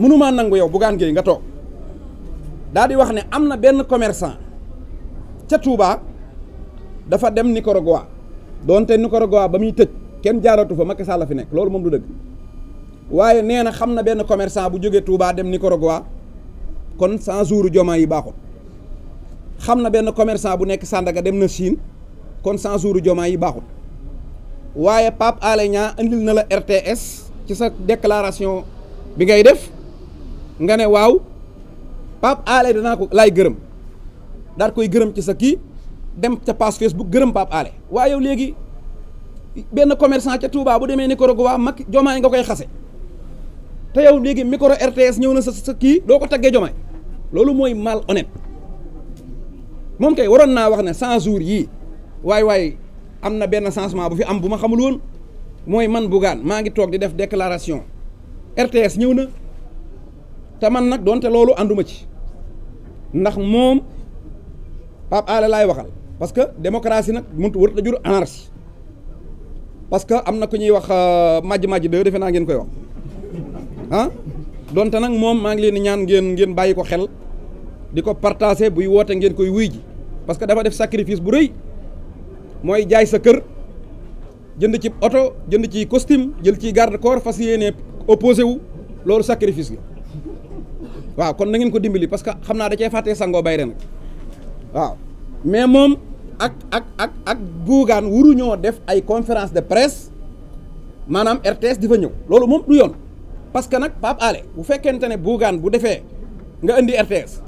mënumaa nangu yow Bougane Gueye nga toog daal di wax ne am na benn commerçant ca Touba dafa dem Nicaragua doonte Nicaragua ba muy tëj kenn jaaratu fa ma Sall la fi nekk loolu moom du dëgg waaye nee na xam na benn commerçant bu jógee Touba dem Nicaragua kon jours Diomaye yi baaxul xam na benn commerçant bu nekk Sandaga dem na Chine kon censure Diomaye yi baaxul waaye Pape Alé Niang andil na la RTS ci sa déclaration bi ngay def nga ne waaw Pape Alé danaa ko laay gërëm daal koy gërëm ci sa kii dem ca page Facebook gërëm Pape Alé waaye yow léegi benn commerçant ca Touba bu demee Nicaragua mag jomaay nga koy xase te yow léegi micro RTS ñëw na sa sa kii doo ko taggee jomaay loolu mooy mal honnête moom kay waroon naa wax ne 100 jours yii waay waay am na benn changement bu fi am bu ma xamul woon mooy man Bougane maa ngi toog di def déclaration RTS ñëw na. te man nag doonte loolu ànduma ci ndax moom Pape Alé laay waxal parce que démocratie nag mënut warut a jur anarchie parce que am na ku ñuy wax euh, màjj màjj de defee naa ngeen koy wax ah donte nag moom maa ngi leen di ñaan ngeen ngeen bàyyi ko xel di ko partager buy woote ngeen koy wuy ji parce que dafa def sacrifice bu rëy mooy jaay sa kër jënd ci oto jënd ci costume jël ci garde corps fas yéene opposé wu loolu sacrifice la waaw kon na ngeen ko dimbali parce que xam naa da cee fàttee sangoo bay ren waaw mais moom ak ak ak ak guugaan wuruñoo def ay conférence de presse maanaam RTS di fa ñëw loolu moom du yoon parce que nag Pape bu fekkente ne buugaan bu defee nga indi RTS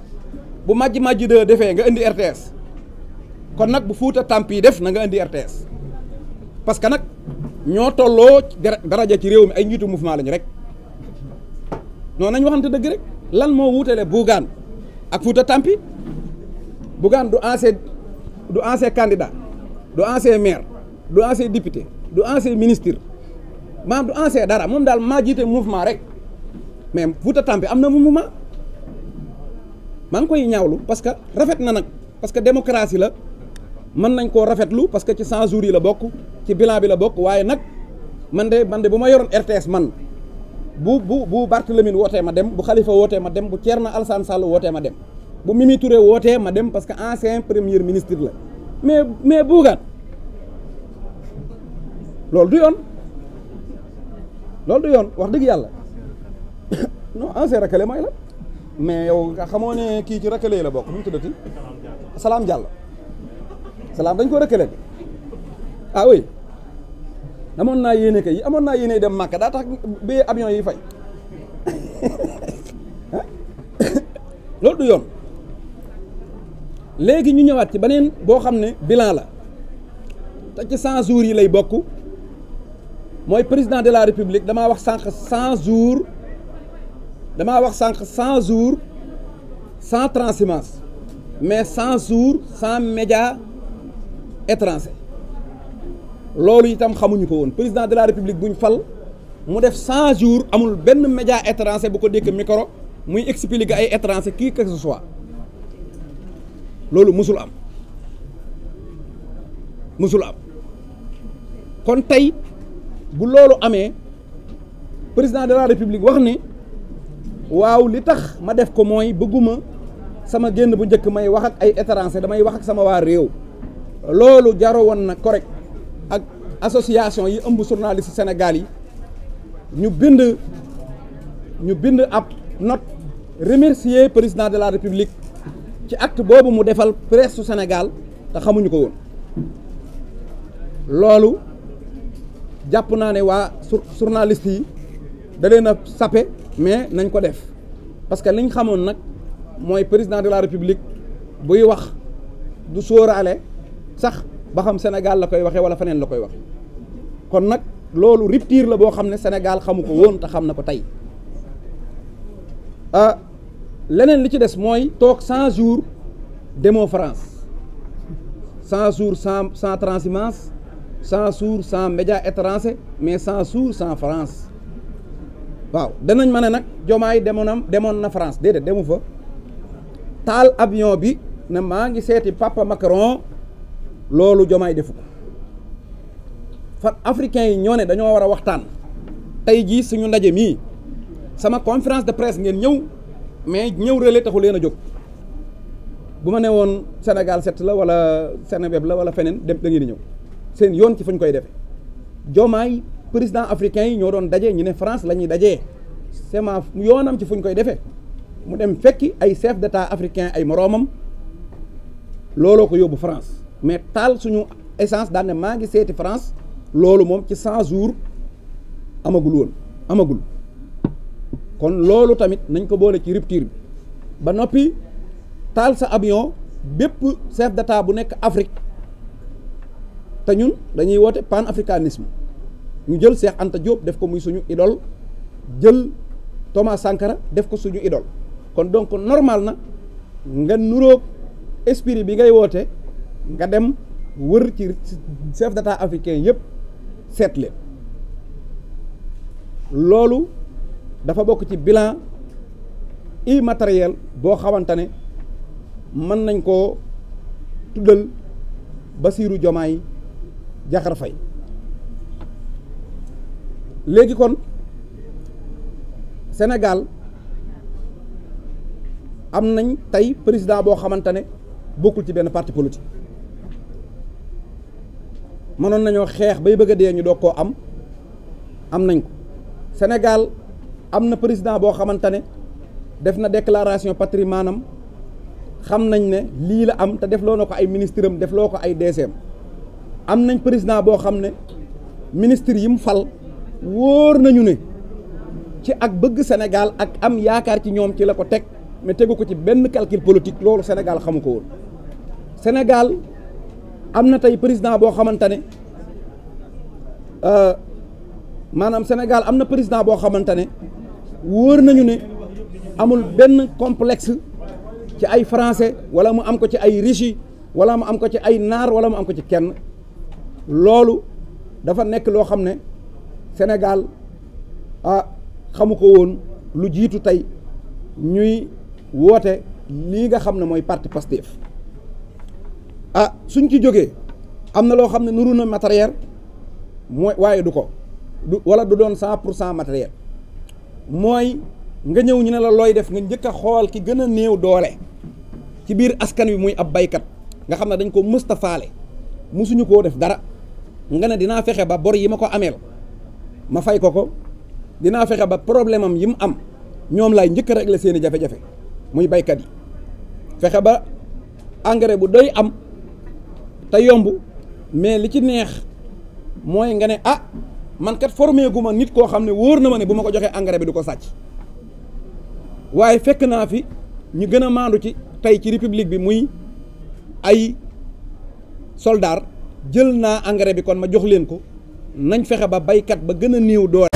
bu majj màjj de defee nga indi RTS kon nag bu fuuta tàmp yi def na nga indi parce que nag ñoo tolloo daraja ci réew mi ay njiitu mouvement lañu rek noonu nañ waxante dëgg rek lan moo wuutale Bougane ak Fouta Tampi Bougane du ancien du ancien candidat du ancien maire du ancien député du ancien ministre maanaam du ancien dara moom daal maa jiite mouvement rek mais Fouta Tampi am na mu mouvement maa ngi koy ñaawlu parce que rafet na nag parce que démocratie la mën nañ koo rafetlu parce que ci 100 jours yi la bokk ci bilan bi la bokk waaye nag man de man de bu ma yoroon RTS man. bu bu bu Barthélémy wootee ma dem bu xalifa wootee ma dem bu Thierno Alassane Sall wootee ma dem bu Mimi Touré wootee ma dem parce que ancien premier ministre la mais mais buugaat loolu du yoon loolu du yoon wax dëgg yàlla non ancien rakale mooy la mais yow nga xamoo ne kii ci rakale la bokk nu mu tuddati salaam jàll salaam dañ ko rakale bi ah oui amoon naa yéene yi amoon naa yéene dem Màkka daa tax béyee avion yi fay loolu du yoon léegi ñu ñëwaat ci beneen boo xam ne bilan la te ci cent jours yi lay bokk mooy président de la république damaa wax sànq cent jours damaa wax sànq cent jours sans transhumance mais cent jours cent média étranger loolu itam xamuñu ko woon président de la république buñ fal mu def cent jours amul benn média étranger bu ko dégg micro muy expliquer ay étranger qui que ce soit loolu mësul am musul am kon tey bu loolu amee président de la république wax ni waaw li tax ma def ko mooy bëgguma sama génn bu njëkk may wax ak ay étranger damay wax ak sama waa réew loolu jaro woon na correct association yi ëmb journaliste Sénégal yi ñu bind ñu bind ab note remercier président de la république ci act boobu mu defal presse su Sénégal te xamuñu ko woon loolu jàpp naa ne waa journaliste yi da leen a sape mais nañ ko def parce que liñ xamoon nag mooy président de la république buy wax du sóoraale sax ba xam Sénégal la koy waxee wala feneen la koy waxee kon nag loolu rupture la boo xam ne Sénégal xamu ko woon te xam na ko tey ah leneen li ci des mooy toog cent jours demoo France cent jours sans sans cent 100 cent sans et étrangers mais cent jours cent France waaw danañ ma ne nag Diomaye demoonam demoon na France déedéet demu fa taal avion bi ne maa ngi seeti papa Macron. loolu jomaay defu ko fa africain yi ñoo ne dañoo war a waxtaan tey jii suñu ndaje mii sama conférence de presse ngeen ñëw mais ñëw relais taxu leen a jóg bu ma ne woon Sénégal set la wala Seneweb la wala feneen dem da ngeen ñëw seen yoon ci fu koy defee jomaay président africain yi ñoo doon daje ñu ne France la ñuy dajee c'est ma yoonam ci fu ñu koy defee mu dem fekki ay chef d'état africain ay moroomam looloo ko yóbbu France mais taal suñu essence daan ne maa ngi seeti France loolu moom ci cent jours amagul woon amagul kon loolu tamit nañ ko boole ci rupture bi ba noppi taal sa avion bépp chef d'état bu nekk Afrique te ñun dañuy woote panafricanisme ñu jël Cheikh Anta Diop def ko muy suñu idole jël Thomas Sankara def ko suñu idole kon donc normal na nga nuroog esprit bi ngay woote. nga dem wër ci chef d'état africain yëpp seet loolu dafa bokk ci bilan immatériel boo xamante ne mën nañ koo tuddal basiiru Diomaye Diakhar Faye léegi kon Sénégal am nañ tey président boo xamante ne bokkul ci benn parti politique mënoon nañoo xeex bay bëgg dee ñu doog ko am am nañ ko Sénégal am na président boo xamante ne def na déclaration patrimoine am xam nañ ne lii la am te def loo na ko ay ministre am def loo ko ay DG am nañ président boo xam ne ministre yi mu fal wóor nañu ne ci ak bëgg Sénégal ak am yaakaar ci ñoom ci la ko teg mais tegu ko ci benn calcul politique loolu Sénégal xamu ko woon Sénégal am na tey président boo xamante ne euh, maanaam Sénégal am na président boo xamante ne wóor nañu ne amul benn complex ci ay français wala mu am ko ci ay riche wala mu am ko ci ay naar wala mu am ko ci kenn loolu dafa nekk loo xam ne Sénégal ah xamu ko woon lu jiitu tey ñuy woote lii nga xam ne mooy parti Pastef ah suñ ci jógee am na loo xam ne nuru na matériel mooy waaye du ko du wala du doon cent pour cent matériel mooy nga ñëw ñu ne la looy def nga njëkk a xool ki gën a néew doole ci biir askan wi muy ab baykat nga xam ne dañ ko mëstafaale musuñu koo def dara nga ne dinaa fexe ba bor yi ma ko ameel ma fay ko ko dinaa fexe ba problème am yi mu am ñoom lay njëkk a régler seeni jafe-jafe muy baykat yi fexe ba engrais bu doy am te yomb mais li ci neex mooy nga ne ah man kat ma nit koo xam ne wóor na ma ne bu ma ko joxee engrais bi du ko sàcc waaye fekk naa fi ñu gën a maandu ci tey ci république bi muy ay soldaar jël naa engrais bi kon ma jox leen ko nañ fexe ba baykat ba gën a néew doole